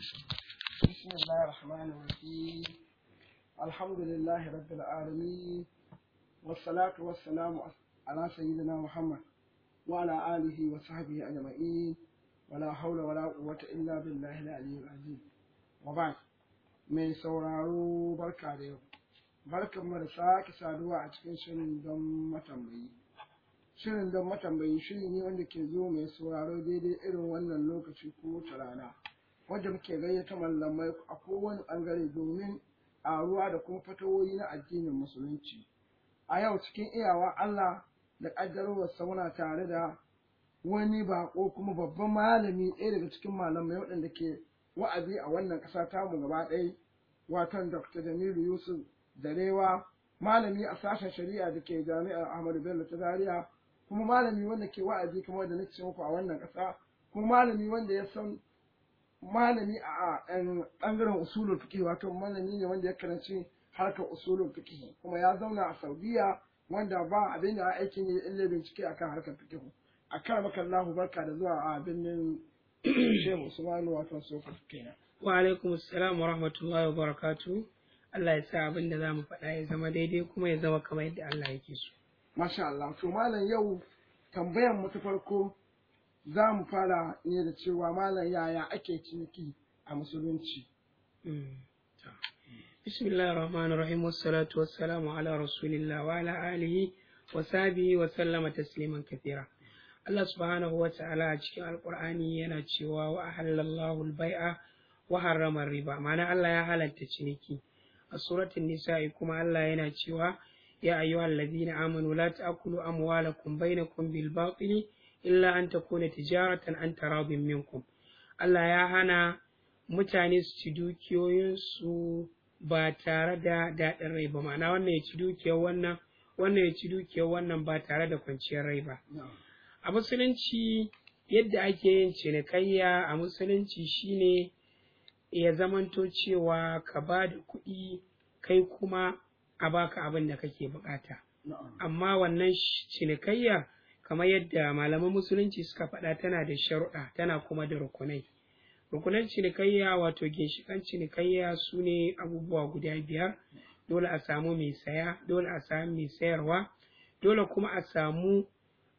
بسم الله الرحمن الرحيم الحمد لله رب العالمين والصلاة والسلام على سيدنا محمد وعلى آله وصحبه أجمعين ولا حول ولا قوة إلا بالله العلي العظيم وبعد mai sauraro barka da yau barkan mu da sake saduwa a cikin shirin don matambayi shirin don matambayi shiri ne wanda ke zo mai sauraro daidai irin wannan lokaci ko ta rana wanda muke gayyata mallamai a kowane ɓangare domin a ruwa da kuma fatawoyi na addinin musulunci. A yau cikin iyawa Allah da ƙaddarwarsa muna tare da wani baƙo kuma babban malami ɗaya daga cikin malamai waɗanda ke wa'azi a wannan ƙasa tamu gaba ɗaya wato Dr. Jamilu Yusuf Darewa malami a sashen shari'a da ke jami'ar Ahmadu Bello ta Zaria kuma malami wanda ke wa'azi kamar da nake muku a wannan ƙasa kuma malami wanda ya san malami a ɓangaren usulun fiqh wato malami ne wanda ya karanci harkar usulun fiqh kuma ya zauna a Saudiya wanda ba abin da aikin yi illa bincike akan harkar fiqh a karamaka lahu barka da zuwa a birnin Shehu Usman wato Sofa kenan wa alaikum assalam wa rahmatullahi wa barakatu Allah ya sa abin da zamu faɗa ya zama daidai kuma ya zama kamar yadda Allah yake so masha Allah to malam yau tambayar mu ta farko za mu fara ne da cewa malam yaya ake ciniki a musulunci mm, ar-Rahman ar rahim wassalatu wassalamu ala rasulillah wa ala alihi wa sahbihi wa sallama tasliman kathira Allah subhanahu wa ta'ala a cikin alkur'ani yana cewa wa ahallallahu al-bai'a wa harrama riba ma'ana Allah ya halatta ciniki a suratul nisa'i kuma Allah yana cewa ya ayyuhal ladina amanu la ta'kulu amwalakum bainakum bil batili illa an ta kone tijaratan an rabin minkum Allah ya hana mutane su ci dukiyoyinsu ba tare da daɗin rai ba ma'ana wannan ya ci dukiyar wannan wannan ya ci dukiyar wannan ba tare da kwanciyar rai ba a musulunci yadda ake yin cinikayya a musulunci shine ya zamanto cewa ka ba da kuɗi kai kuma a baka abin da kake bukata amma wannan cinikayya kamar yadda malaman musulunci suka faɗa tana da sharuɗa tana kuma da rukunai rukunan cinikayya wato ginshiƙan cinikayya su ne abubuwa guda biyar dole a samu mai saya dole a samu mai sayarwa dole kuma a samu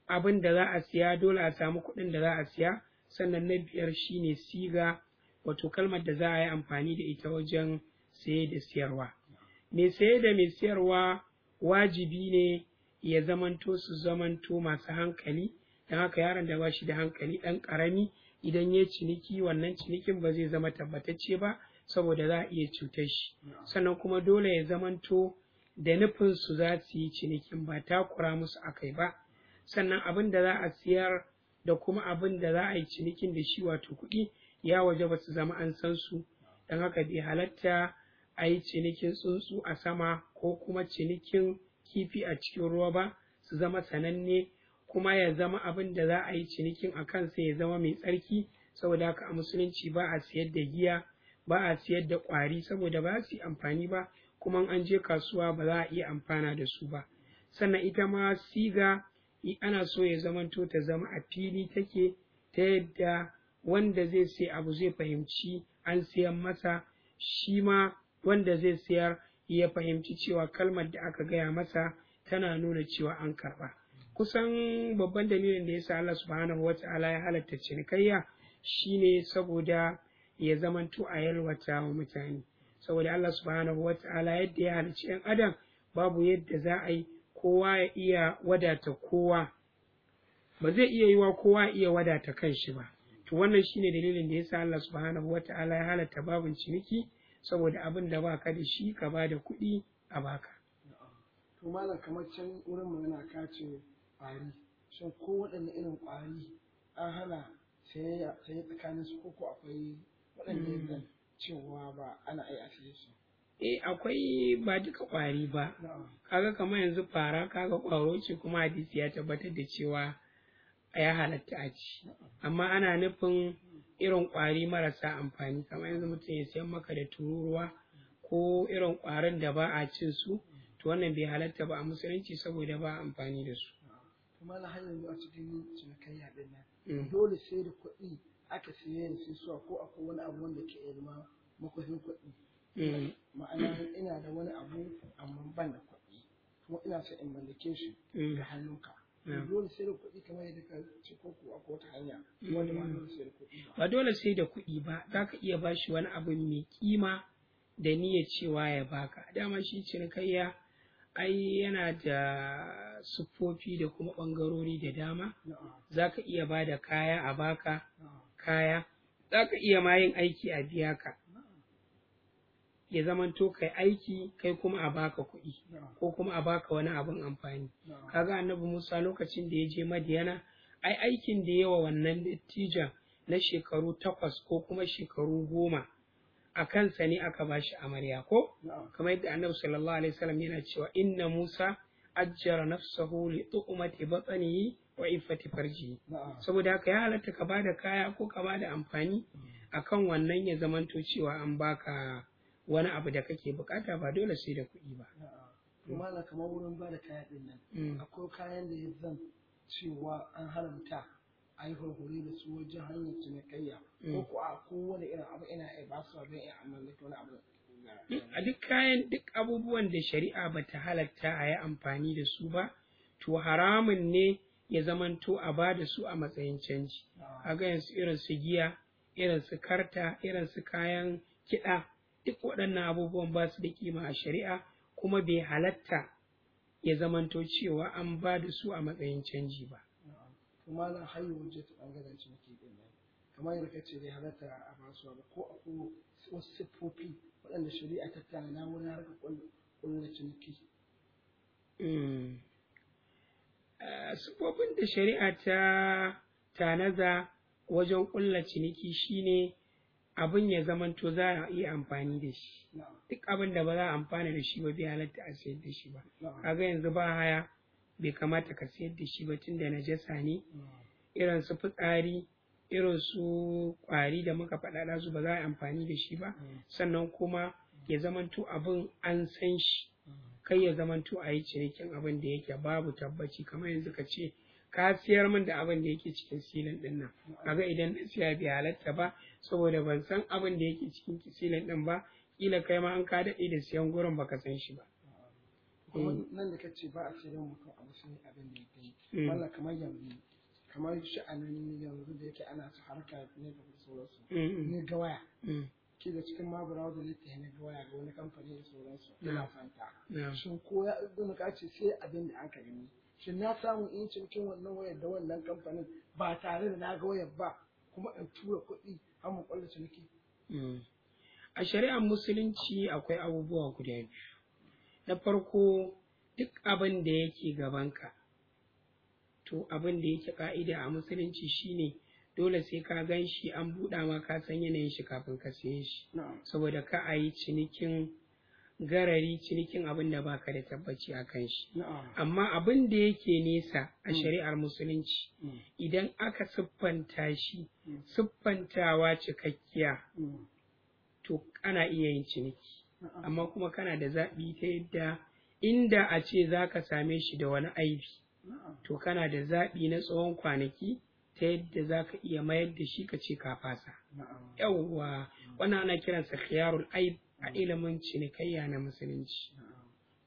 abin da za a siya dole a samu kuɗin da za a siya sannan na biyar shine siga wato kalmar da za a yi amfani da ita wajen saye da siyarwa mai saye da mai siyarwa wajibi ne ya zamanto su zamanto masu hankali don haka yaron da ba shi da hankali ɗan ƙarami idan ya ciniki wannan cinikin ba zai zama tabbatacce ba saboda za a iya cutar shi sannan kuma dole ya zamanto da nufin su za su yi cinikin ba takura musu akai ba sannan abin da za a siyar da kuma abin da za a yi cinikin da shi wato kuɗi ya waje ba su zama an san su don haka bai halatta a yi cinikin tsuntsu a sama ko kuma cinikin kifi a cikin ruwa ba su zama sananne kuma ya zama abin da za a yi cinikin a kansa ya zama mai tsarki saboda haka a musulunci ba a siyar da giya ba a siyar da ƙwari saboda ba su yi amfani ba kuma an je kasuwa ba za a iya amfana da su ba sannan ita ma siga ana so ya zamanto ta zama a fili take ta yadda wanda zai sai abu zai fahimci an siyan masa shi ma wanda zai sayar. ya fahimci cewa kalmar da aka gaya masa tana nuna cewa an karɓa kusan babban dalilin da ya sa Allah subhanahu wa ta'ala ya halatta cinikayya shine saboda ya zamanto a yalwata wa mutane saboda Allah subhanahu wa ta'ala yadda ya halicci 'yan adam babu yadda za a yi kowa ya iya wadata kowa ba zai iya yiwa kowa iya wadata kan shi ba to wannan shine dalilin da ya sa Allah subhanahu wa ta'ala ya halatta babin ciniki saboda abin da baka da shi ka ba da kuɗi a baka to malam kamar can wurin mu yana kace ƙwari shin ko waɗanne irin ƙwari an hana sai ya tsakanin su ko akwai waɗanne zan hmm. cewa ba ana ai a saye su eh akwai ba duka ƙwari ba kaga kamar yanzu fara kaga ƙwaro ce kuma hadisi ya tabbatar da cewa ya halatta a ci amma ana nufin irin ƙwari marasa amfani kamar yanzu mutum ya siyan maka da tururuwa ko irin ƙwarin da ba a cin su to wannan bai halatta ba a musulunci saboda ba amfani da su. kuma na hanyar a cikin cinikayya ɗin nan mm. dole sai da kuɗi aka siye da su suwa ko akwai wani abu wanda ke ilma makwafin kuɗi. Mm. ma'ana ina da wani abu amma ban da kuɗi kuma ina so in mallake shi mm. da hannunka dole sai da kuɗi kamar yadda ka ko kuwa ko ta hanya dole sai da kuɗi ba dole sai da kuɗi ba za ka iya bashi wani abu mai kima da niyyar cewa ya baka dama shi cinikayya ai yana da siffofi da kuma ɓangarori da dama za ka iya ba da kaya a baka kaya za ka iya ma yin aiki a biya ka ya zamanto kai aiki kai kuma a baka kuɗi ko kuma a baka wani abin amfani kaga annabi Musa lokacin da ya je Madiyana ai aikin da yawa wannan dattijan na shekaru takwas ko kuma shekaru goma a kansa ne aka bashi amarya ko kamar yadda annabi sallallahu alaihi wasallam yana cewa inna Musa ajjara nafsahu li tu'mati batnihi wa iffati farji saboda haka ya halatta ka bada kaya ko ka bada amfani mm. akan wannan ya zamanto cewa an baka wani abu da kake bukata ba dole sai da kuɗi ba. To mala kamar wurin ba da kaya ɗin nan mm. akwai kayan da ya zan cewa an haramta a yi hulhuri da su wajen hanyar cinikayya mm. ko a kowane irin abu ina iya ba su don iya amalla wani abu. A duk kayan duk abubuwan da shari'a ba ta halatta a yi amfani da su ba to haramun ne ya zamanto a ba da su a matsayin canji. A ga yanzu irin su giya, irin su karta, irin su kayan kiɗa, duk waɗannan abubuwan ba su da kima a shari'a kuma bai halatta ya zamanto cewa an ba da su a matsayin canji ba. kuma na hanyar wajen ta ɓangaren ciniki ɗin nan kamar yadda kace bai halatta a basuwa ba ko a ko wasu siffofi waɗanda shari'a ta tana wurin harkar ƙulla ciniki. Hmm. siffofin da shari'a ta tanaza wajen ƙulla ciniki shine abin ya zamanto za a iya amfani da shi duk abin da ba za a amfana da shi ba bai halatta a sayar da shi ba kaga yanzu ba haya bai kamata ka sayar da shi ba tun da najasa ne irin su fitsari irin su kwari da muka faɗa su ba za a yi amfani da shi ba sannan kuma ya zamanto abin an san shi kai ya zamanto a yi cinikin abin da yake babu tabbaci kamar yanzu ka ce ka siyar min da abin da yake cikin silin din nan kaga idan na siya bai halatta ba saboda ban san abin da yake cikin silin din ba kila kai ma an ka daɗe da siyan gurin baka san shi ba eh. nan da kace ba a siyan mutu abu sai abin da yake hmm. wala kamar yanzu kamar sha'anin yanzu da yake ana su harka ne da sauransu hmm. ne ga waya hmm. ke da cikin ma browser ne ta ne ga waya ga wani kamfani da sauransu ina fanta shin ko ya ka ce sai abin da aka gani shin na samu in cinikin wannan wayar da wannan kamfanin ba tare da naga wayar ba kuma in tura kuɗi har mu kwalla ciniki. Hmm. A shari'ar musulunci akwai abubuwa guda biyu. Na farko duk abin da yake gabanka to abin da yake ka'ida a musulunci shine dole sai ka gan shi an buɗa ma ka san yanayin shi kafin ka siye shi. Saboda ka a yi cinikin garari cinikin abin da baka da tabbaci a kan shi. Amma abin da yake nesa a hmm. shari'ar musulunci hmm. idan aka siffanta shi hmm. siffantawa cikakkiya to ana iya yin ciniki. Amma kuma kana da zaɓi ta yadda inda a ce za ka same shi da wani aibi to kana da zaɓi na tsawon kwanaki ta yadda za ka iya mayar da shi ka ce ka fasa. Yawwa, wannan ana kiransa khiyarul aib a ilimin cinikayya na musulunci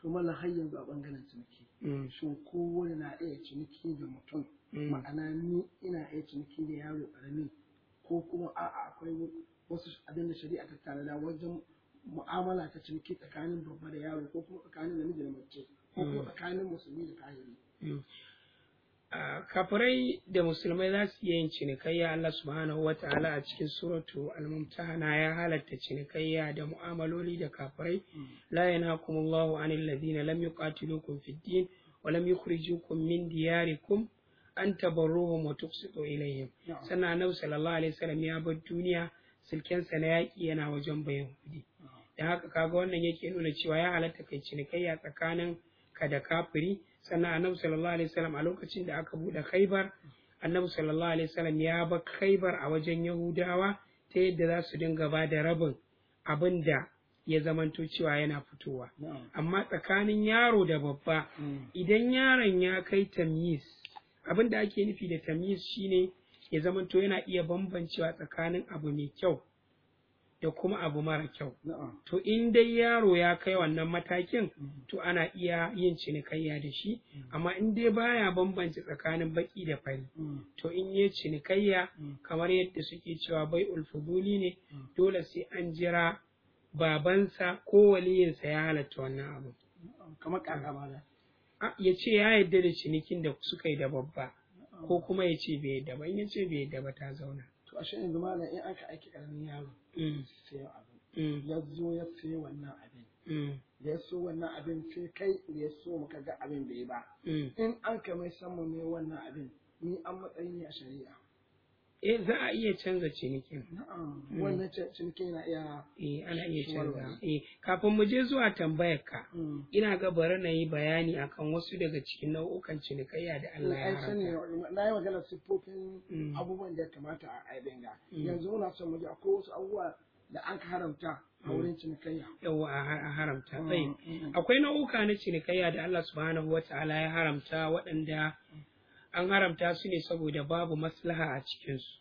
to mala har yanzu a bangaren ciniki mm. shin kowane na iya ciniki da mutum mm. ma'ana ni ina iya ciniki da yaro karami ko kuma a'a akwai wasu abin da shari'a ta da wajen mu'amala ta ciniki tsakanin babba da yaro ko kuma tsakanin namiji da mace ko kuma mm. tsakanin musulmi da kahiri kafirai da musulmai za su iya yin cinikayya Allah subhanahu wa ta'ala a cikin suratu al-mumtahana ya halatta cinikayya da mu'amaloli da kafirai la Allah an ladina lam yuqatilukum fid din wa lam yukhrijukum min diyarikum an tabarruhum wa tuqsitu ilayhim sannan annabi sallallahu alaihi wasallam ya bar duniya sa na yaki yana wajen bayan bayahudi da haka kaga wannan yake nuna cewa ya halatta kai cinikayya tsakanin ka da kafiri sannan annabi sallallahu alaihi wasallam a lokacin da aka bude khaibar annabi sallallahu alaihi wasallam ya ba khaibar a wajen yahudawa ta yadda za su dinga ba da rabin abinda ya zamanto cewa yana fitowa amma tsakanin yaro da babba hmm. idan yaron ya kai tamyiz abinda ake nufi da tamyiz shine ya zamanto yana iya bambancewa tsakanin abu mai kyau da kuma abu mara kyau. To in dai yaro ya kai wannan matakin mm. to ana iya yin cinikayya da shi, mm. amma in dai baya bambanci tsakanin baki da fari. Mm. To in yi cinikayya kamar yadda suke cewa bai ulfuduli ne dole sai an jira babansa ko waliyinsa ya halatta wannan abu. Kamar Ya ce ya yadda da cinikin da suka yi da babba, ko kuma ya ce bai yadda ba, in ya ce bai yadda ba ta zauna. to ashe yanzu malam in aka aiki karamin yaro mm. abin mm. ya zo ya sayi wannan abin mm. ya so wannan abin sai kai da ya so muka ga abin bai ba in an mai sama mai wannan abin ni an matsayin ya shari'a eh za a iya canza cinikin hmm. wannan cinikin yana iya eh ana iya canza eh kafin mu je zuwa tambayar ka hmm. ina ga bari na yi bayani akan wasu daga cikin nau'ukan cinikayya da Allah ya haramta na yi magana siffofin hmm. abubuwan da ya kamata a aibenga yanzu muna son mu ji akwai wasu abubuwa da an haramta a wurin cinikayya. Yawwa a haramta. Akwai nau'uka na cinikayya da Allah subhanahu wa ta'ala ya haramta waɗanda an haramta su ne saboda babu maslaha a cikinsu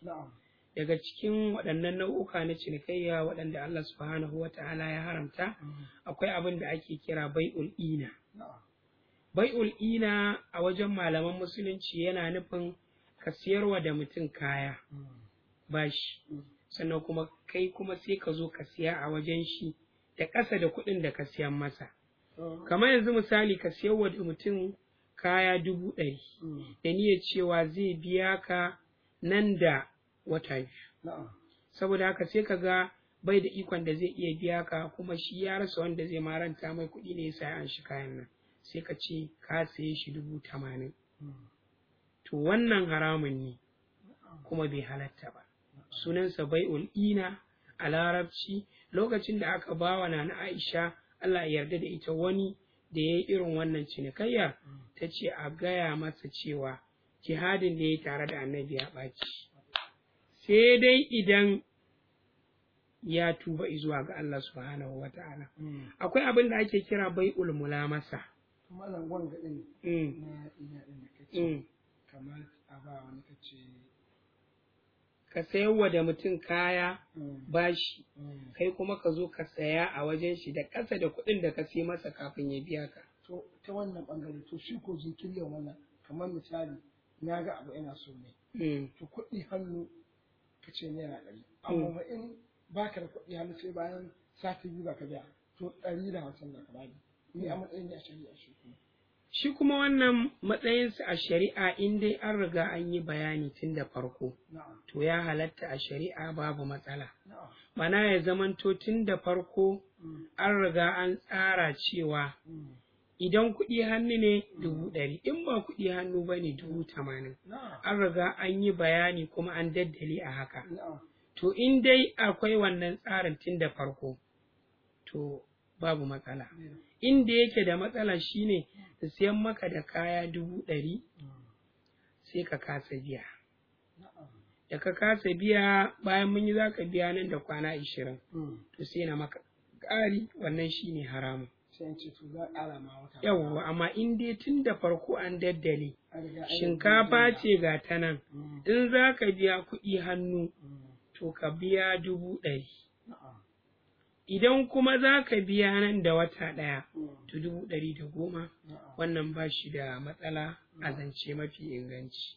daga cikin waɗannan nau'uka na cinikayya waɗanda Allah subhanahu wa ta'ala ya haramta mm. akwai abin da ake kira bai'ul ina bai'ul ina a wajen malaman musulunci yana nufin ka siyarwa da mutum kaya mm. bashi mm. sannan kuma kai kuma sai ka zo ka siya a wajen shi da ƙasa da kuɗin da ka siyan masa kamar yanzu misali ka siyarwa da mutum kaya dubu ɗari hmm. da niyyar cewa zai biya ka nan da wata biyu saboda haka sai ka ga bai da ikon da zai iya biya ka kuma shi ya rasa wanda zai maranta mai kuɗi ne yasa an shi kayan nan sai ka ce ka saye shi dubu tamanin hmm. to wannan haramun ne kuma bai halatta ba sunansa bai'ul ina a larabci lokacin da aka bawa na na Aisha Allah ya yarda da ita wani da ya yi irin wannan cinikayya ta ce a gaya masa cewa jihadin da ya tare da annabi ya ɓaci sai dai idan ya tuba zuwa ga Allah subhanahu wa ta'ala hmm. akwai abin da ake kira bai ulmula masa kamar a ba wani kace ka wa da mutum kaya mm. bashi mm. kai kuma ka zo ka saya a wajen shi da ƙasa da kuɗin da ka sai masa kafin ya biya ka. To ta wannan ɓangare to shi ko zikiriyar wannan kamar misali na ga abu ina so ne. Mm. To kuɗi hannu ka ce naira ɗari. Amma in baka da kuɗi hannu sai bayan sati biyu ba ka biya to ɗari da hamsin da ka bani. Ni a matsayin ya shari'a shi kuma. shi kuma wannan matsayinsa a shari'a in dai an riga an yi bayani tun da farko to ya halatta a shari'a babu matsala Bana ya zamanto tun da farko mm. an riga an tsara cewa mm. idan kuɗi hannu ne mm. dubu ɗari in ba kuɗi hannu ba ne dubu tamanin an riga an yi bayani kuma an daddali a haka to in dai akwai wannan tsarin tun da farko to babu matsala inda yake da matsala shine da siyan maka da kaya dubu ɗari sai ka kasa biya da ka kasa biya bayan mun yi za ka biya nan da kwana ashirin hmm. to sai na maka ƙari wannan shine haramun yawwa amma in dai tun da farko an daddale shinkafa ce ga ta nan hmm. in za ka biya kuɗi hannu hmm. to ka biya dubu ɗari idan kuma za ka biya nan da wata ɗaya hmm. to dubu ɗari da goma wannan ba shi da matsala a zance mafi inganci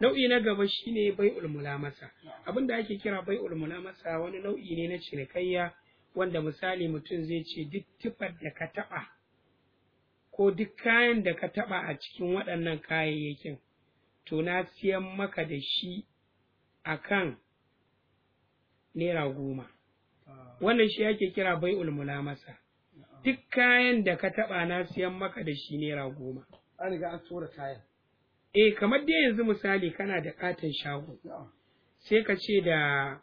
nau'i na gaba shi shine ulmula masa. abin da ake kira ulmula masa wani nau'i ne na cinikayya wanda misali mutum zai ce duk tufar da ka taɓa ko duk kayan da ka taɓa a cikin waɗannan kayayyakin to na siyan maka da shi akan naira goma wannan shi ake kira Bai Ulmula masa. duk kayan da ka taɓa na siyan maka da shi naira goma an riga an tura kayan eh kamar dai yanzu misali kana da katin shago sai ka ce da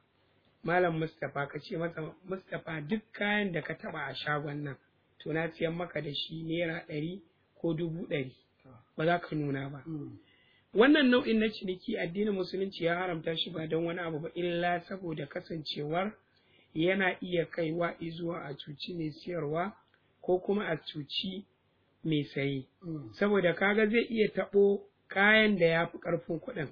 malam mustapha ka ce masa mustapha duk kayan da ka taɓa a shagon nan to na siyan maka da shi naira ɗari ko dubu ɗari ba za ka nuna ba mm. wannan nau'in na ciniki addinin musulunci ya haramta shi ba don wani abu ba illa saboda kasancewar yana iya kaiwa izuwa a cuci mai siyarwa ko kuma a cuci mai saye mm. saboda kaga zai iya taɓo kayan da ya fi ƙarfin kuɗin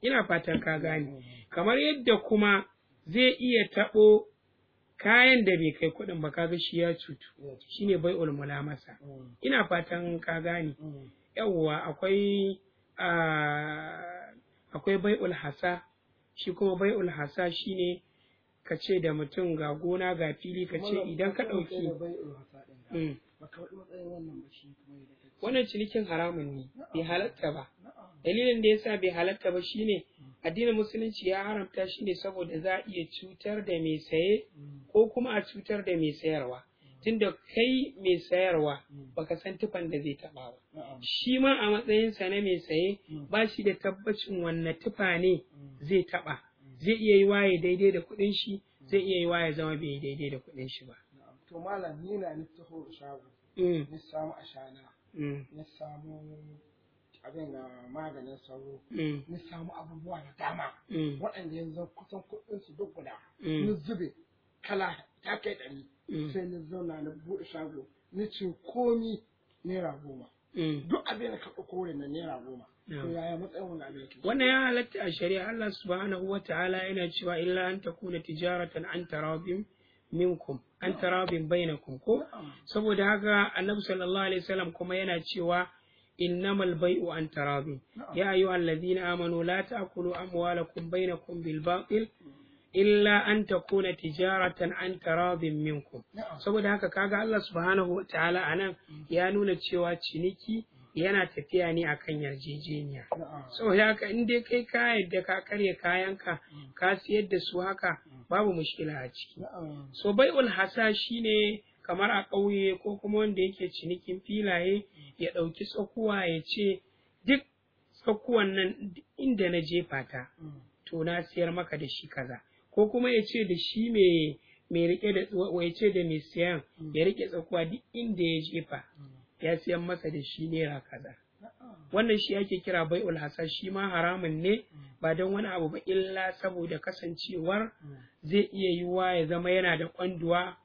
ina fatan ka gane mm. kamar yadda kuma zai iya taɓo kayan da bai kai kuɗin ba kaga shi ya cutu shi ne bai ulmula masa mm. ina fatan ka gane yawwa akwai ah, akwai bai'ul hasa shi kuma bai'ul hasa shine ka ce da mutum ga gona ga fili ka ce idan ka ɗauki mm. wannan cinikin haramun ne bai halatta ba dalilin da ya sa bai halatta ba shine mm. addinin musulunci ya haramta shine saboda za a iya cutar da mai saye mm. ko kuma a cutar da mai sayarwa tunda kai mai sayarwa baka san tufan da zai taba ba shi ma a matsayinsa na mai saye ba shi da tabbacin wanne tufa ne zai taba zai iya yi waye daidai da kuɗin shi mm. zai iya yi waye zama bai daidai da kuɗin shi ba to malam ni na ni taho shago mm. ni samu ashana mm. ni samu abin da maganin sauro ni samu abubuwa da dama waɗanda yanzu kusan kuɗin su duk guda ni zube kala ta kai ɗari sai ni zauna na buɗe shago ni ce komi naira goma Eh. duk abin da ka ɗauko wurin nan naira goma to yaya matsayin wani abin yake wannan ya halatta a shari'a Allah subhanahu wa ta'ala yana cewa illa an takuna tijaratan an tarabim minkum an tarabin bainakum ko saboda haka annabi sallallahu alaihi wasallam kuma yana cewa innamal bai'u an tarabin ya ayyuhal ladina amanu la ta'kulu amwalakum bainakum bil batil mm. illa an ta takuna tijaratan an rabin minku. saboda haka kaga Allah subhanahu wa ta'ala anan mm-hmm. ya nuna cewa ciniki yana tafiya ne akan yarjejeniya so haka in dai kai ka yadda ka karya kayanka mm. ka siyar da su haka mm. babu mushkila a ciki so bai'ul shi ne kamar a ƙauye ko kuma wanda yake cinikin filaye mm. ya ɗauki tsakuwa ya ce duk tsakuwan nan inda na jefa ta to na siyar maka da shi kaza ko kuma ya ce da shi mai rike da ya ce da mai siyan mm. ya rike tsakuwa duk inda ya jefa mm. ya siyan masa da shi naira kaza wannan shi ake kira bai'ul hasa shi ma haramun ne mm. ba don wani abu ba illa saboda kasancewar zai iya yiwuwa ya zama yana da kwanduwa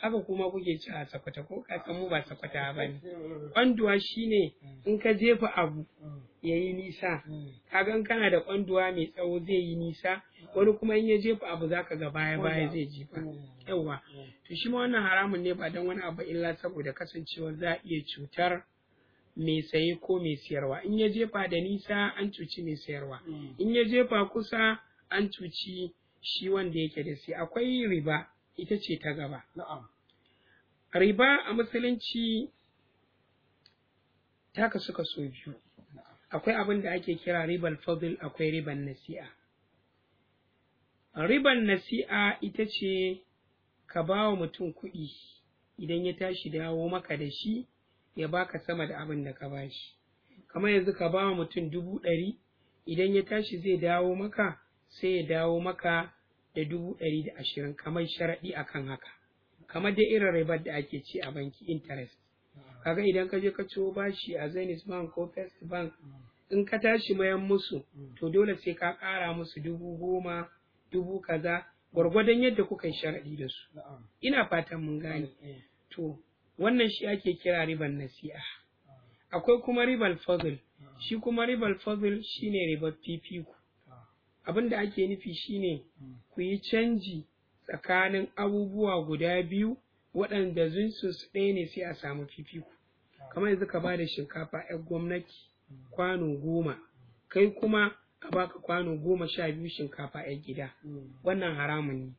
haka kuma kuke ci a sakwata ko kakan mu ba sakwata ba ne mm. kwanduwa ne mm. in ka jefa abu mm. ya yi nisa Ka gan kana da kwanduwa mai tsawo zai yi nisa wani kuma in ya jefa abu za ka ga baya baya zai jefa Yauwa, to shi ma wannan haramun ne ba don wani abu illa saboda kasancewa za a iya cutar mai saye ko mai siyarwa in ya jefa da nisa an cuci mai sayarwa in ya jefa kusa an cuci shi wanda yake da sai akwai riba ita ce ta gaba na'am riba a musulunci ta suka so biyu akwai abin da ake kira ribar fadl akwai riban nasi'a riban nasi'a ita ce ka ba wa mutum kuɗi idan ya tashi dawo maka da shi ya baka sama da abin da ka ba shi kamar yanzu ka ba wa mutum dubu ɗari idan ya tashi zai dawo maka sai ya dawo maka da dubu ɗari da ashirin kamar sharaɗi a kan haka kamar dai irin ribar da ake ci a banki interest kaga idan ka je ka ciwo bashi a zenith bank ko first bank in ka tashi mayan musu to dole sai ka ƙara musu dubu goma dubu kaza gwargwadon yadda kuka yi sharaɗi da su ina fatan mun gane eh, eh. to wannan shi ake kira ribar nasi'a akwai kuma ribar fadl shi kuma ribar fadl shine ribar fifiko abin da ake nufi shine ku yi canji tsakanin abubuwa guda biyu waɗanda su ɗaya ne sai a samu fifiku kamar yanzu ka da shinkafa 'yan gwamnati kwano goma kai kuma a baka kwano goma sha biyu shinkafa 'yan gida wannan haramun ne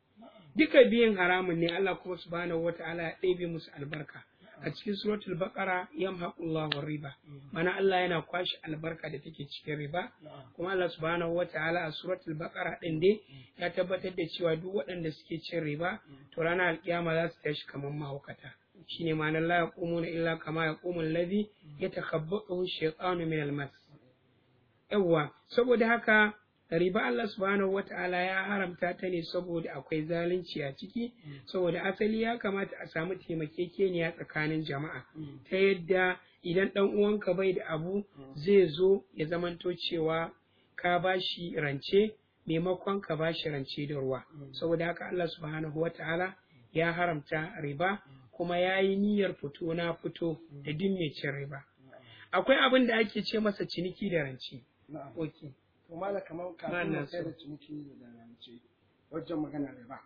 duka biyan haramun ne Allah kuma su wata ala ya ɗebe musu albarka a cikin suratul baqara yamhaqullahu riba mana Allah yana kwashi albarka da take cikin riba kuma Allah subhanahu wataala a suratul baqara din dai ya tabbatar da cewa duk waɗanda suke cin riba to ranar alkiyama za su tashi kamar mahaukata shine ma'anar la yaqumuna illa kama yaqumu alladhi yatakhabbathu ash-shaytanu min al-mas yawwa saboda haka riba Allah subhanahu wata'ala ya haramta ta ne saboda akwai zalunci a ciki mm. saboda asali ya kamata a samu taimakekeniya tsakanin jama'a mm. ta yadda idan ɗan uwanka bai da abu mm. zai zo ya zamanto cewa ka bashi rance maimakon ka bashi rance da ruwa saboda haka Allah subhanahu wata'ala ya haramta riba kuma ya yi niyyar fito na fito da dimmecin riba akwai abin da ake ce masa ciniki da rance to mala kamar kafin na sai da ciniki da rance wajen magana da ba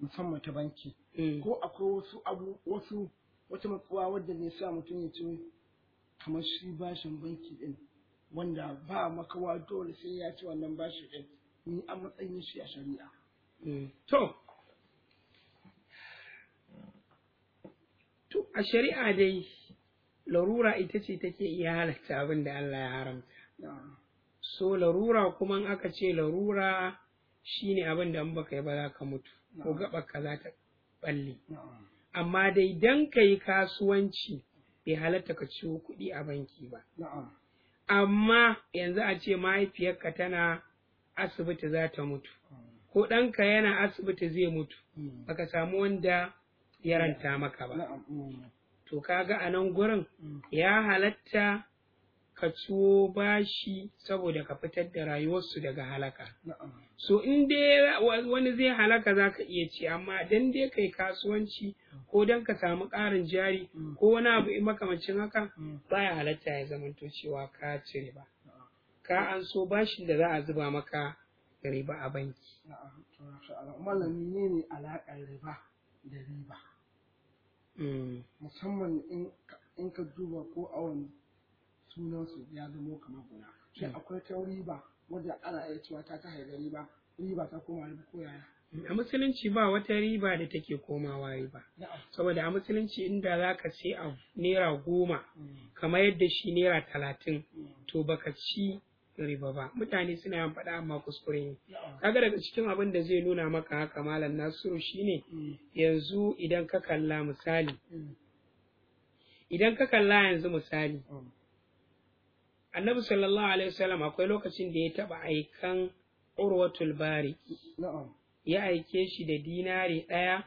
musamman ta banki eh. ko akwai wasu abu wasu wata matsuwa wadda zai sa mutum ya ci kamar shi bashin banki din wanda ba makawa dole sai ya ci wannan bashin din ni a matsayin shi a shari'a eh. to to a shari'a dai larura ita ce take iya halatta abin da Allah ya haramta so larura kuma aka ce larura shine abin da an baka yi ba za ka mutu ko gaɓarka za ta balle amma dai dan ka yi kasuwanci bai halatta ka ciwo kuɗi a banki ba amma yanzu a ce mahaifiyarka tana asibiti za ta mutu ko ɗanka yana asibiti zai mutu hmm. baka samu wanda ya ranta maka ba hmm. to kaga a nan gurin hmm. ya halatta ka ciwo bashi saboda ka fitar da rayuwarsu daga halaka. So in dai wani zai halaka za ka iya ci amma dan dai kai kasuwanci ko dan ka samu ƙarin jari mm. ko wani abu in makamancin haka mm. baya halatta ya to cewa ka ci riba. Ka an so bashin da za a zuba maka da riba a banki. Mm. Musamman in ka duba ko a wani sunansu ya zamo kamar guna shi hmm. akwai ta riba wadda ana iya cewa ta ta haifar riba riba ta koma riba ko yaya a musulunci ba wata riba da take komawa riba saboda a musulunci inda za ka sai a naira goma hmm. kamar yadda shi naira talatin hmm. to baka ci riba ba mutane suna yin faɗa amma kuskure ne kaga daga cikin abin da zai nuna maka haka malam nasiru shine yanzu idan ka kalla misali idan ka kalla yanzu misali annabi sallallahu alaihi wasallam akwai lokacin da ya taba aikan urwatul bariki ya aike shi da dinari ɗaya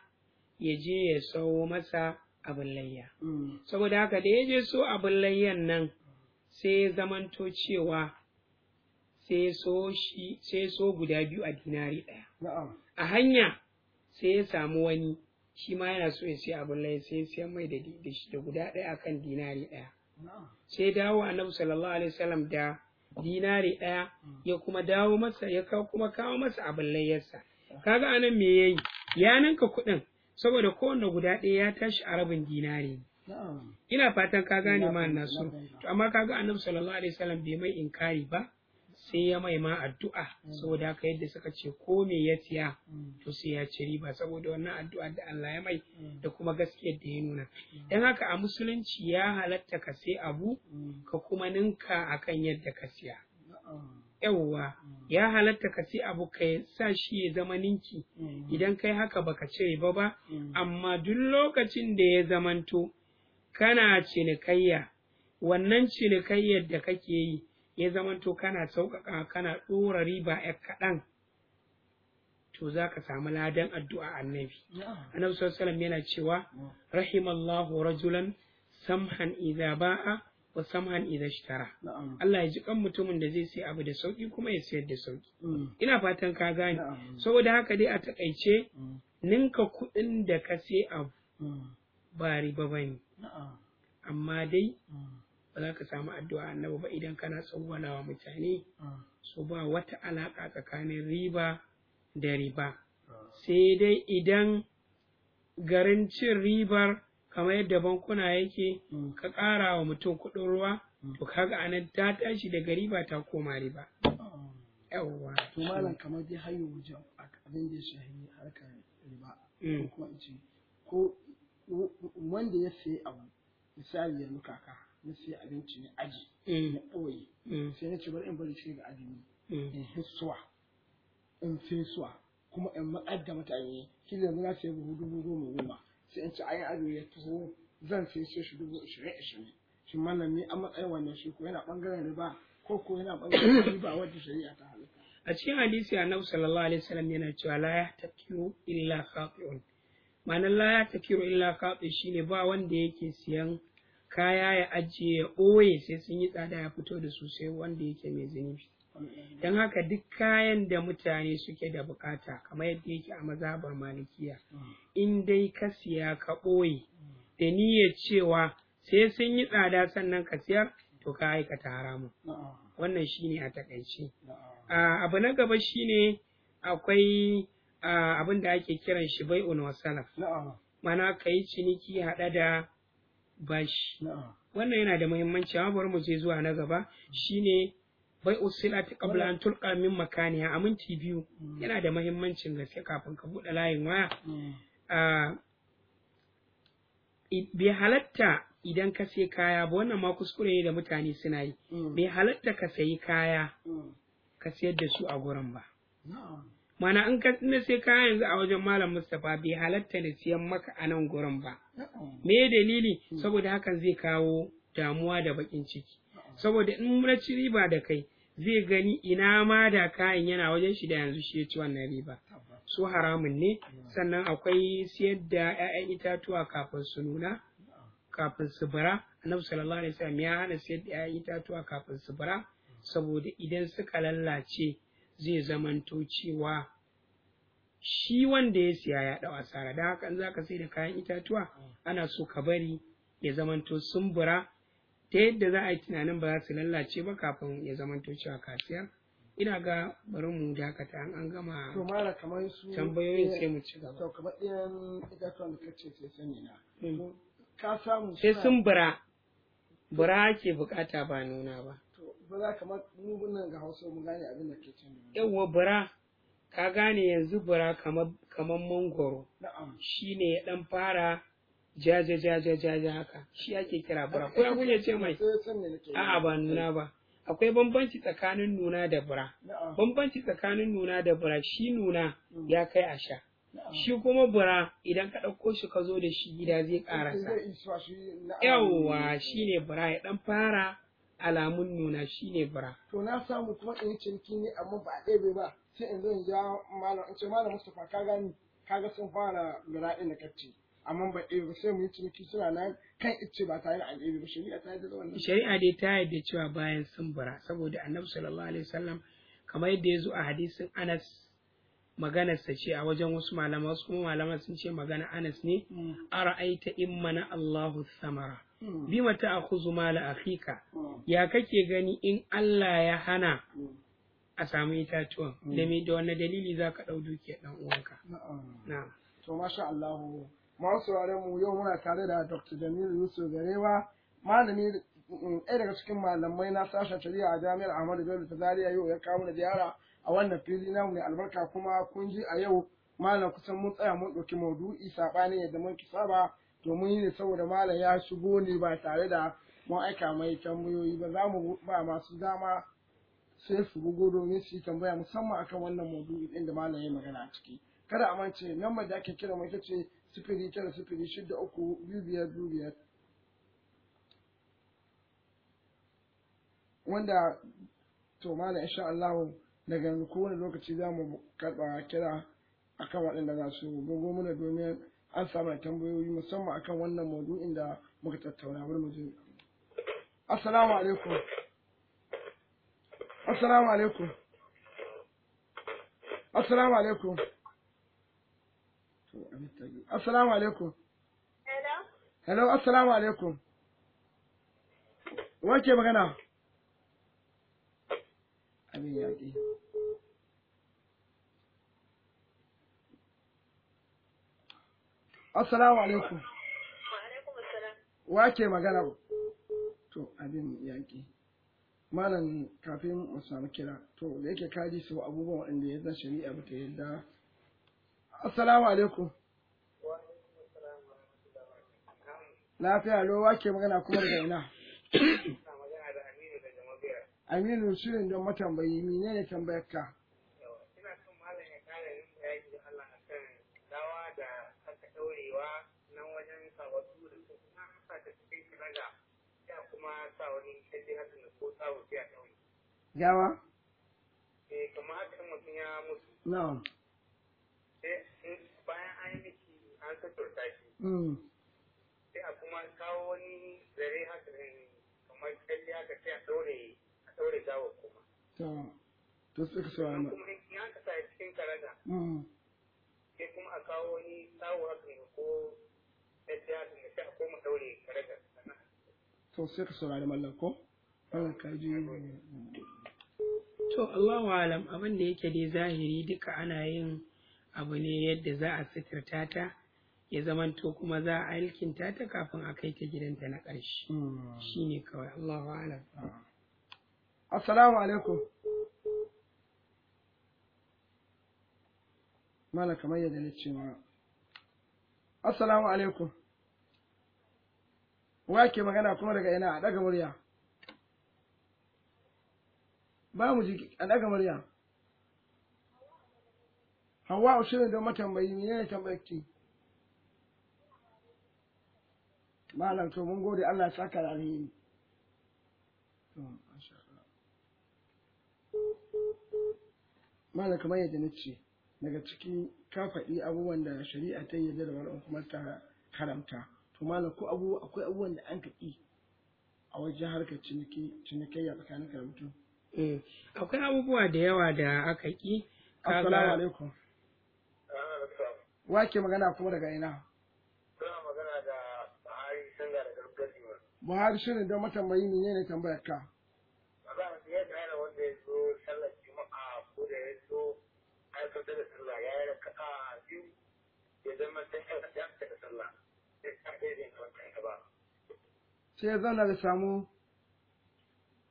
ya je ya sawo masa abin layya mm. saboda haka da ya je so abin layyan nan sai ya zamanto cewa sai so shi sai so guda biyu a dinari ɗaya a hanya sai ya samu wani shi ma yana so ya sai abin layya sai ya mai da guda ɗaya akan dinari ɗaya sai dawo annabi sallallahu alaihi wasallam da dinari ɗaya ya kuma dawo masa ya kuma kawo masa abin layyarsa kaga anan me yayi ya ninka kuɗin saboda kowanne guda ɗaya ya tashi a rabin dinari ina fatan ka gane ma nasu to amma kaga annabi sallallahu alaihi wasallam bai mai inkari ba sai ya mai ma addu'a saboda haka yadda suka ce ko me ya siya to sai ya ci riba saboda wannan addu'a da Allah ya mai da kuma gaskiyar da ya nuna dan haka a musulunci ya halatta ka sai abu ka kuma ninka akan yadda ka siya yawwa ya halatta ka sai abu ka sa shi ya zama ninki idan kai haka baka cire ba ba amma duk lokacin da ya zamanto kana cinikayya wannan cinikayyar da kake yi ya zamanto kana sauƙaƙa kana ɗora riba ‘yar kaɗan to za ka samu ladan addu'a annabi. Annabi sallallahu yana cewa rahimallahu rajulan samhan idza ba'a wa samhan idza ishtara. Allah ya ji kan mutumin da zai sai abu da sauki kuma ya sayar da sauki. Mm. Ina fatan ka gane. Saboda haka dai a takaice mm. ninka kuɗin da ka sai abu mm. ba riba bane. Amma dai ba za ka samu addu'a annabi ba idan kana wa mutane so ba wata alaƙa tsakanin riba da riba sai dai idan garin cin ribar kamar yadda bankuna yake ka ƙara wa mutum kuɗin ruwa to kaga anan ta tashi daga riba ta koma riba yawwa to malam kamar dai hayo wajen abin da ya shahi harkar riba mm. ko kuma ko wanda ya sayi abu misali ya muka ka. na sai abinci ne aji eh, na ɓoye mm. sai na ce bari in bari shi ga azumi mm. in hissuwa in fesuwa kuma in maƙadda mutane shi da na sai buhu dubu goma goma sai in ci ayi azumi ya taho zan fesu shi dubu ashirin ashirin shi mallam ne an matsayin wannan shi ko yana ɓangaren riba ko ko yana ɓangaren riba wadda shari'a ta halitta. a cikin hadisi annabi sallallahu alaihi wasallam yana cewa la yahtakiru illa khati'un ma'anar la yahtakiru illa khati shine ba wanda yake siyan kaya ya ajiye ya ɓoye sai sun yi tsada ya fito da su sai wanda yake mai zunubi don haka duk kayan da mutane suke da bukata kamar yadda yake a mazabar malikiya in dai ka siya ka ɓoye da ya cewa sai sun yi tsada sannan ka siyar to ka aikata haramun wannan shine a takaice abu na gaba shine akwai abin da ake kiran shi bai'un wasala mana ka yi ciniki haɗa da bashi wannan yana da muhimmanci amma bari mu je zuwa na gaba shine bai usila ta kabla an tulka min makaniya a minti biyu mm. yana da muhimmancin gaske kafin ka buɗe layin waya mm. bai halatta idan ka sai kaya ba wannan ma kuskure ne da mutane suna yi mm. bai halatta ka sayi kaya ka sayar da su a gurin ba mana in ka tsina sai ka yanzu a wajen malam mustapha bai halatta da siyan maka a nan gurin ba me dalili hmm. saboda hakan zai kawo damuwa da bakin ciki saboda in na ci riba da kai zai gani ina ma da kayan yana wajen shi da yanzu shi ya ci wannan riba su haramun ne sannan akwai siyar da 'ya'yan itatuwa kafin su nuna kafin su bara annabi sallallahu alaihi wasallam ya hana siyar da 'ya'yan itatuwa kafin su bara hmm. saboda idan suka lallace zai zamanto cewa shi wanda ya siya ya ɗau asara da haka za ka sai da kayan itatuwa ana so ka bari ya zamanto sumbura ta yadda za a yi tunanin ba za su lallace ba kafin ya zamanto cewa ka siyar ina ga bari mu dakata an gama to kamar su tambayoyin sai mu ci gaba to kamar ɗayan itatuwan da kace sai sani na hmm. ka samu sai sumbura bura ake bukata ba nuna ba ba za nan ga hausa mu gane abin da ke can yawwa bura ka gane yanzu bura kamar mangoro. Shi ne ya ɗan fara jaja jaja jaja haka shi ake kira bura ko ya kunya ce mai eh, a'a ba nuna ba akwai bambanci tsakanin nuna da bura bambanci tsakanin nuna da bura shi nuna mm. ya kai a sha shi kuma bura idan ka ɗauko shi ka zo da shi gida zai eh, ƙarasa yawwa shi ne bura ya ɗan fara alamun nuna shine bara to na samu kuma in cinki ne amma ba a bai ba sai in zan ja malam in ce malam Mustapha ka gani kaga sun fara gara na kacce amma ba ɗaya ba sai mu yi ciniki suna nan kan ice ba tare da an ba shari'a ta da wannan shari'a dai ta yarda cewa bayan sun bara saboda annabi sallallahu alaihi wasallam kamar yadda ya zo a hadisin Anas maganar sa ce a wajen wasu malama wasu kuma malama sun ce magana anas ne hmm. a ra'aita in mana Allahu samara hmm. bi mata a kuzu mala afika hmm. ya kake gani in Allah ya hana a samu itatuwan da me da wani dalili za ka ɗau dukiyar ɗan uwanka na to masha Allah masu sauraron mu yau muna tare da Dr. Jamilu Yusuf Garewa malami mm, ɗaya daga cikin malamai na sashen shari'a a jami'ar Ahmadu Bello ta Zaria yau ya kawo da ziyara a wannan fili namu mai albarka kuma kun ji a yau malam kusan mun tsaya mun ɗauki maudu'i saɓanin yadda mun saba domin yi ne saboda malam ya shigo ne ba tare da mun aika mai tambayoyi ba za mu ba masu dama sai su gugu domin su yi tambaya musamman akan wannan maudu'i ɗin da malam ya magana a ciki kada a mance lambar da ake kira mai ita ce sifiri tara sifiri shida uku biyu biyar biyu biyar wanda to malam insha Allah daga yanzu kowane lokaci za mu karɓa kira akan waɗanda za su gogo mana domin an samu tambayoyi musamman akan wannan maudu'in da muka tattauna wani mu je assalamu alaikum assalamu alaikum assalamu alaikum assalamu alaikum hello hello assalamu alaikum Wake magana abin yaƙi assalamu alaikum wake magana to abin yaƙi malam kafin mu samu kira to da yake kaji su abubuwan waɗanda ya zan shari'a ba ta yadda assalamu alaikum lafiya lo wake magana kuma daga ina Aminu Suyin don matambayi mine ne tambayar ka? Ina son malam ya kara yin da a Gawa? Eh, kamar haka mutum ya mutu. Na'am. eh bayan an yi miki an shi. Mm. Sai a kuma kawo wani zare haka eh, kamar kalli haka sai a daure To, to suka mm. Sai kuma a kawo To sai ka saurari mallan ko? ka ji. To abin da yake dai zahiri duka ana yin abu ne yadda za a sitirta ta ya zamanto kuma za a alkinta ta kafin a kai ta gidanta na ƙarshe mm. shi ne kawai Allahu alam ah. assalamu alaikum mala kamar yadda na ce ma assalamu alaikum Wa ke magana kuma daga ina a ɗaga murya ba mu ji a ɗaga murya hawa shirin don matambayi ne ya tambayki malam to mun gode Allah ya saka alheri malam kamar yadda na ce daga ciki ka faɗi abubuwan da shari'a ta yi da wani kuma ta haramta to malam ko abu akwai abubuwan da an kaɗi a wajen harkar ciniki cinikayya tsakanin ka mutum. eh akwai abubuwa da yawa da aka ƙi. assalamu alaikum. wake magana kuma daga ina. magana da Buhari shirin don matambayi ne ne tambayar ka. ya yi sai ka ɗaya da samu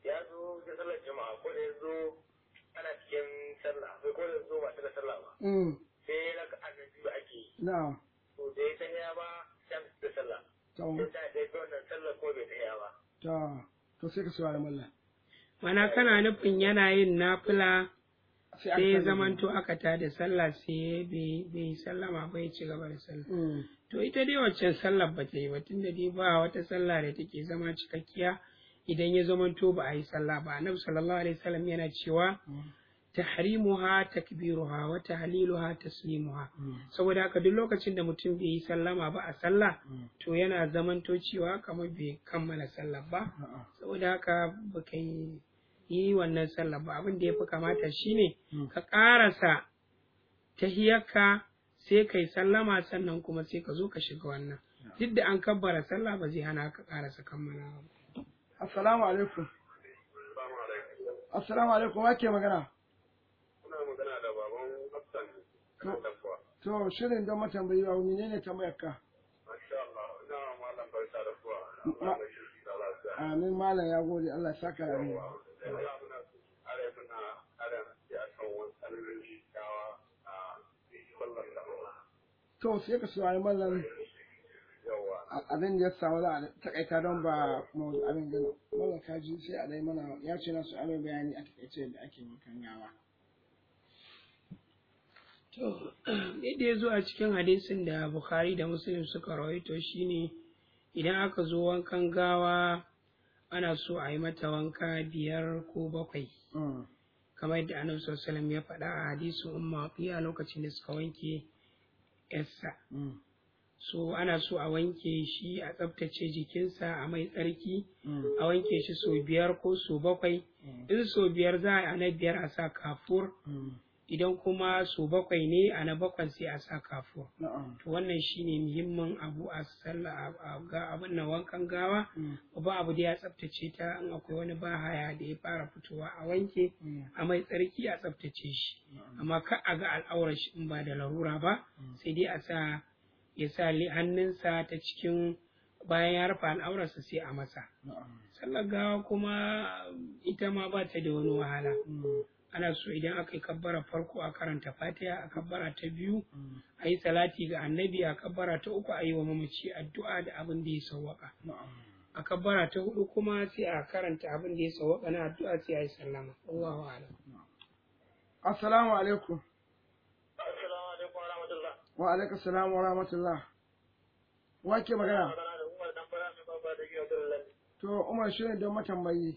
ya zo da sallar jama'a ko da ya zo ana cikin sallah sai ko da ya zo ba ta da sallah ba. Mm. sai ya na biyu ake na'am. da ya ba ya da sallah. sai ta ɗaya wannan sallar ko bai ba. to sai ka suwa da Mana kana nufin yana yin nafila sai ya zamanto aka ta da sallah sai bai sallama ba ya ci gaba da sallah mm. to ita dai waccan sallah ba ta yi ba tunda dai ba wata sallah da take zama cikakkiya idan ya zamanto ba a yi sallah ba annabi sallallahu alaihi wasallam yana cewa mm. tahrimuha takbiruha wa tahliluha taslimuha mm. saboda haka duk lokacin da mutum bai yi sallama ba a sallah to yana zamanto cewa kamar bai kammala sallah ba saboda haka bakai. yi wannan sallah ba abin da ya fi kamata shi ne hmm. ka ƙarasa tahiyarka sai ka yi sallama sannan kuma sai ka zo ka shiga wannan duk da an kabbara sallah ba zai hana ka ƙarasa kammala ba assalamu alaikum assalamu alaikum wa ke magana kuna magana da baban Hassan to shirin don matambayi wa ne tambayar ka Amin malam ya gode Allah saka da ya to sai ka suwaye mallan abin da ya samu za a takaita don ba abin gano ka ji sai a dai mana ya ce na su abin bayani a takaice da ake wankan kanyawa. to yadda ya zo a cikin hadisin da bukhari da muslim suka rawaito shine idan aka zo wankan gawa ana so a yi mata wanka biyar ko bakwai mm. kamar yadda annabi sallallahu ya faɗa a hadisin umma a lokacin da suka wanke yarsa mm. so ana so a wanke shi a tsaftace jikinsa a mai tsarki mm. a wanke shi so biyar ko so bakwai in so biyar za a na biyar a sa kafur idan kuma su bakwai ne a na bakwai sai a sa kafuwa to wannan shine muhimmin abu a sallah ga abin nan wankan gawa mm. babu abu da ya tsaftace ta in akwai wani bahaya da ya fara fitowa a wanke mm. a mai tsarki a tsaftace shi amma ka a ga al'aurar shi in ba da larura ba mm. sai dai a sa ya sa hannunsa ta cikin bayan ya rufe al'aurarsa sai a masa sallar gawa kuma ita ma ba ta da wani wahala ana so idan aka yi kabbara farko a karanta fatiha a kabbara ta biyu mm. a yi salati ga annabi a kabbara ta uku a yi wa mamaci addu'a da abin da ya sawwaka a kabbara ta hudu kuma sai a karanta abin da ya sawwaka na addu'a sai a yi sallama Allahu a'lam assalamu alaikum assalamu alaikum wa rahmatullah wa alaikum assalam wa rahmatullah wa ke magana to umar shine don matambayi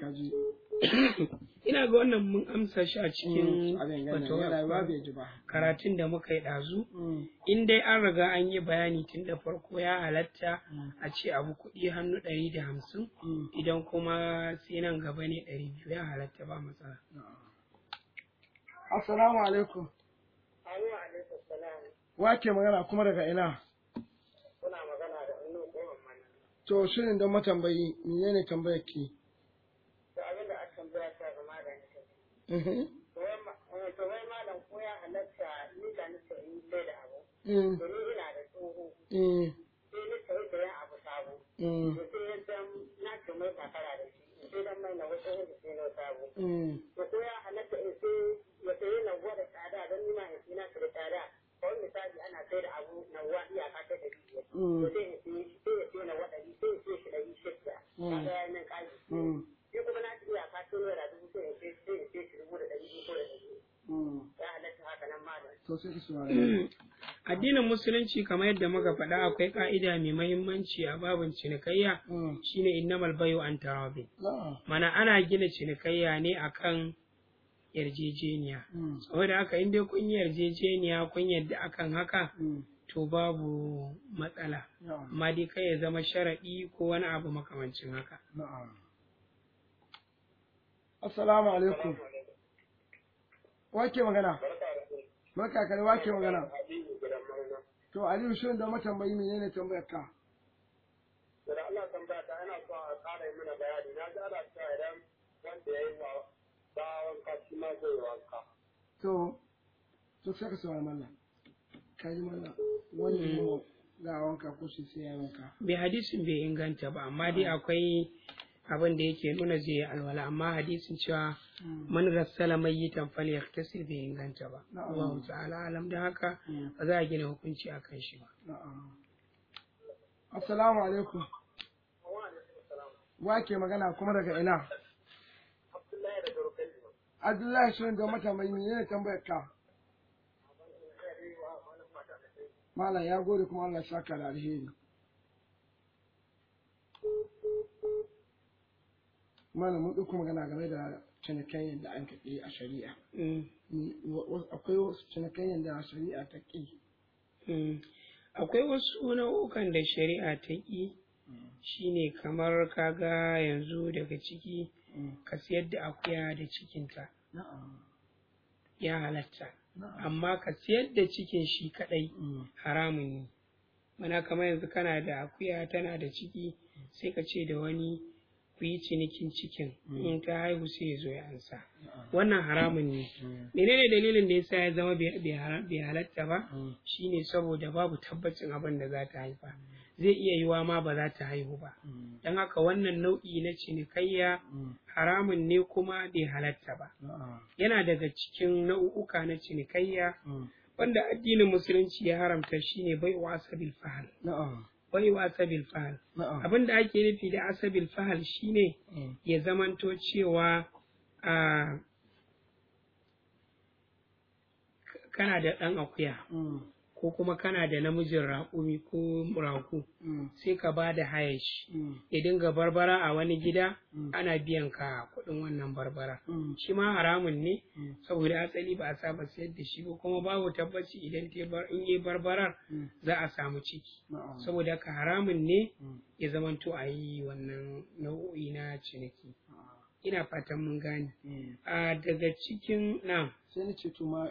kaji. Ina ga wannan mun amsa shi a cikin mm, karatun da muka yi ɗazu. Mm. In dai an riga an yi bayani tun da farko ya halatta mm. a ce abu kuɗi hannu ɗari da hamsin idan kuma sai nan gaba ne ɗari biyu ya halatta ba matsala. Assalamu alaikum. Wake magana kuma daga ina? Kuna magana da To shirin don matambayi, ne tambayar ki? Mm-hmm. to malam koya ya halatta ni da na da abu mm. da tsoho mm. sai ni abu sabo mm. to sai ya na ce mai da shi sai dan mai na wasu sabo musulunci kamar yadda muka faɗa akwai ka'ida mai mahimmanci a babin cinikayya hmm. shine innamal bayu an tarabi mana ana gina cinikayya ne akan yarjejeniya hmm. saboda haka in dai kun yi yarjejeniya kun yadda akan haka hmm. to babu matsala amma dai kai ya zama sharaɗi ko wani abu makamancin haka assalamu alaikum wake magana barka kare wake magana to aliyu shirin da matambayi menene tambayar ka da Allah tambaya ta ana so a ƙara yi mana bayani na ji ana cewa idan wanda ya yi wa ba wanka shi ma zai wanka to to sai ka saurari mallam ka ji mallam wanda ya wa ga wanka ko shi sai ya wanka bai hadisin bai inganta ba amma dai ah. akwai abin da yake nuna zai yi alwala amma hadisin cewa mm. man rassala mai yi tamfal ya tasi bai inganta ba Allahu ta'ala alalam da haka mm. ba za a gina hukunci a kan shi ba assalamu alaikum wa ke magana kuma daga ina Abdullahi shirin da mata mai ne tambayar ka Malam ya gode kuma Allah shaka da alheri malam mun ɗauko magana game da cinikayyar da an kaɗe a shari'a. Mm. Akwai wasu cinikayyar da shari'a ta ƙi. Mm. Akwai wasu nau'ukan da shari'a ta ƙi mm. shi ne kamar kaga yanzu daga ciki ka siyar da akuya da cikinta. Ya halatta. Amma ka siyar da cikin shi kaɗai haramun ne. Mana kamar yanzu kana da akuya tana da ciki sai ka ce da wani ku yi cinikin cikin mm. in ka haihu sai ya zo ya ansa wannan haramun ne mm. menene dalilin da yasa ya zama bai halatta ba mm. shine saboda babu tabbacin abin da za ta haifa zai iya yiwa ma ba za ta haihu ba dan haka wannan nau'i na cinikayya haramun ne kuma bai halatta ba yana daga cikin nau'uka na cinikayya wanda addinin musulunci ya haramta shine bai wasa asabil fahal wai wa asabil fahal abin da ake nufi da asabil fahal shine mm. ya zamanto cewa kana da ɗan akuya mm. ko kuma kana da namijin raƙumi ko raƙu mm. sai ka ba da hayashi mm. ya dinga barbara a wani gida mm. ana biyan ka kuɗin wannan barbara shi ma haramun ne saboda asali ba a saba sayar da shi ba kuma babu tabbaci idan in yi barbarar za a samu ciki saboda ka haramun ne ya zamanto a yi wannan nau'i na ciniki ina fatan mun gane a daga cikin nan. sai ce to ma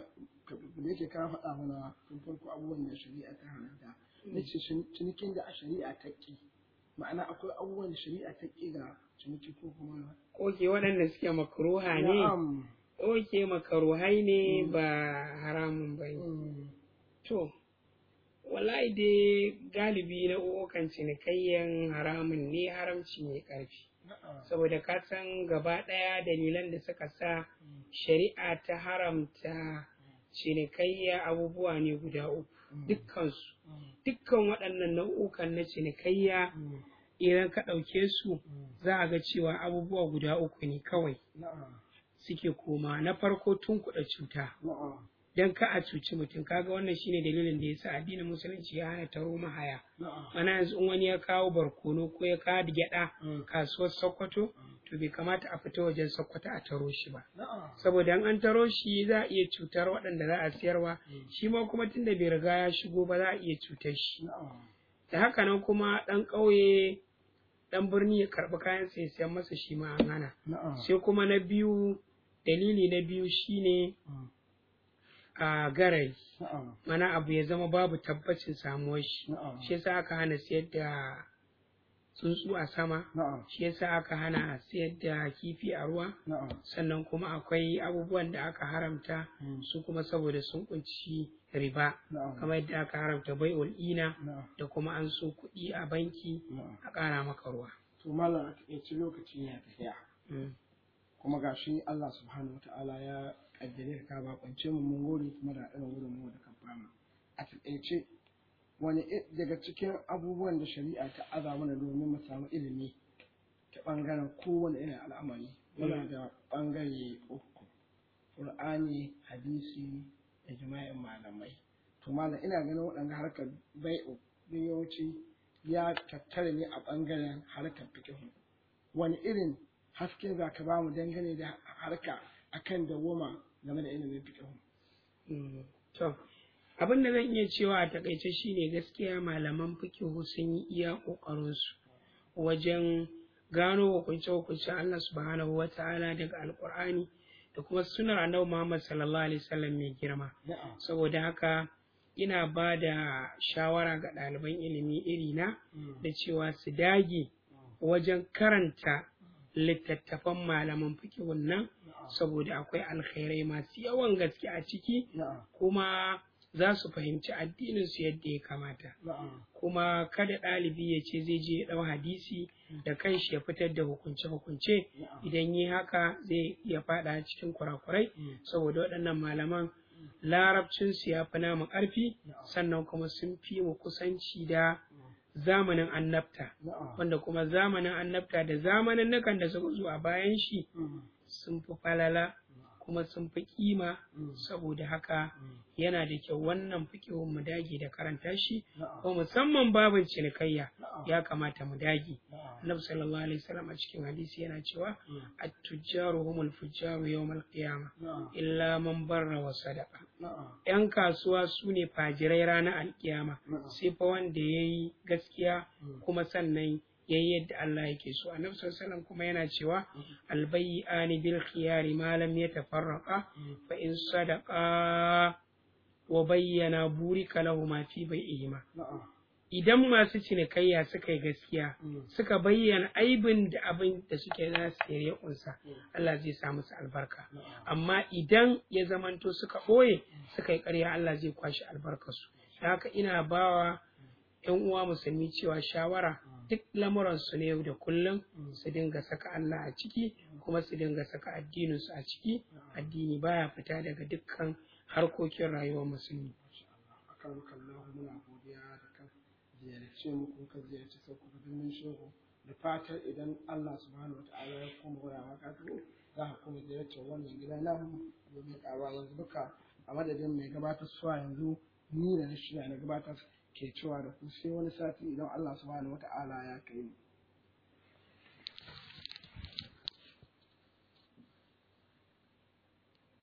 da yake ka faɗa mana tun farko abubuwan da shari'a ta haramta na mm. ce cinikin da a shari'a ta ƙi ma'ana akwai abubuwan da shari'a ta ƙi ga ciniki ko kuma oke waɗanda suke makaruha ne oke makaruhai ne mm. ba haramun ba ne mm. to wallahi dai galibi na ukan cinikayyan haramun ne haramci mai ƙarfi saboda ka san gaba ɗaya dalilan da suka sa shari'a ta haramta cinikayya abubuwa ne guda uku mm. dukkansu mm. dukkan waɗannan nau'ukan na cinikayya mm. idan ka ɗauke su za a ga cewa abubuwa guda uku ne kawai suke koma na farko tun kuɗa cuta don ka a cuci mutum kaga wannan shine dalilin da ya sa addinin musulunci ya hana taro mahaya mana yanzu wani ya kawo barkono ko ya kawo gyaɗa kasuwar sokoto to bai kamata a fita wajen sakkwata a taro shi ba saboda an taro shi za a iya cutar waɗanda za a siyarwa hmm. shi ma kuma tunda bai riga ya shigo ba za a iya cutar shi da haka nan kuma ɗan ƙauye ɗan birni ya karɓi kayan sai siyan masa shi ma an hana sai kuma na biyu dalili na biyu shine hmm. a garai mana abu ya zama babu tabbacin samuwar shi shi yasa aka hana siyar da tsuntsu a sama shi yasa aka hana sayar da kifi a ruwa sannan kuma akwai abubuwan da aka haramta hmm. su kuma saboda sun kunci riba kamar yadda aka haramta bai ina da kuma an so kuɗi a banki a ƙara maka ruwa to malam a ci lokaci ya tafiya hmm. kuma ga shi Allah subhanahu wataala ya ƙaddare ka ba kwance mu mun gode kuma da irin mu da kan fama a taƙaice wani daga cikin abubuwan da shari'a ta aza mana domin mu samu ilimi ta bangaren kowane irin al'amari muna mm. da bangare uku ƙur'ani hadisi da jima'in malamai to mana ina ganin waɗanda harkar bai'u biyoci ya tattara ne a ɓangaren harkar fikihu wani irin haske za ka ba mu dangane da harka akan da dawoma game da ilimin fikihu mm. abin da zan iya cewa a takaice shine gaskiya malaman fikihu sun yi iya ƙoƙarinsu wajen gano hukunce-hukuncen Allah subhanahu wa ta'ala daga alƙur'ani da kuma sunar annabi Muhammad sallallahu alaihi wasallam mai girma saboda haka ina ba da shawara ga ɗaliban ilimi iri na hmm. da cewa su dage wajen karanta littattafan malaman fikihun nan saboda akwai alkhairai masu yawan gaske a ciki kuma za su fahimci addinin su yadda ya kamata kuma kada ɗalibi ya ce zai je ɗau hadisi da kanshi ya fitar da hukunce-hukunce idan yi haka zai iya faɗa cikin kurakurai mm. saboda waɗannan malaman larabcinsu ya fi namu ƙarfi sannan kuma sun fi mu kusanci da zamanin annabta wanda kuma zamanin annabta da zamanin nakan da suka zo a bayan shi mm. sun fi falala kuma sun fi kima mm. saboda haka mm. yana da kyau wannan fikihun mu dage da karanta shi ko musamman babin cinikayya ya kamata mu dage annabi sallallahu alaihi wasallam a cikin hadisi yana cewa mm. at-tujjaru humul fujjaru yawmal qiyama illa man barra wa sadaqa yan kasuwa su ne fajirai ranar alkiyama sai fa wanda yayi gaskiya kuma sannan yayi yadda Allah yake so annabi sallallahu kuma yana cewa ani bil khiyari ma lam yatafarraqa fa in sadaqa wa bayyana burika ma fi bai'ihima idan masu cinikayya suka yi gaskiya hmm. suka bayyana aibin da abin da suke za su yi unsa Allah zai sa musu albarka amma idan ya zamanto suka ɓoye suka yi ƙarya Allah zai kwashi albarkarsu hmm. haka ina bawa 'yan uwa musulmi cewa shawara hmm. duk lamuransu na yau da kullum su dinga saka Allah a ciki kuma su dinga saka addininsu a ciki addini baya fita daga dukkan harkokin rayuwar musulmi. muna godiya da kan ziyarci da fatar idan Allah subhanahu wa ta'ala ya kuma wayawa ka za ka kuma ziyartar wannan gida namu domin ƙaruwa yanzu duka a madadin mai gabatar suwa yanzu ni da na shirya na gabatar ke cewa da ku sai wani sati idan Allah subhanahu wata'ala ya kai mu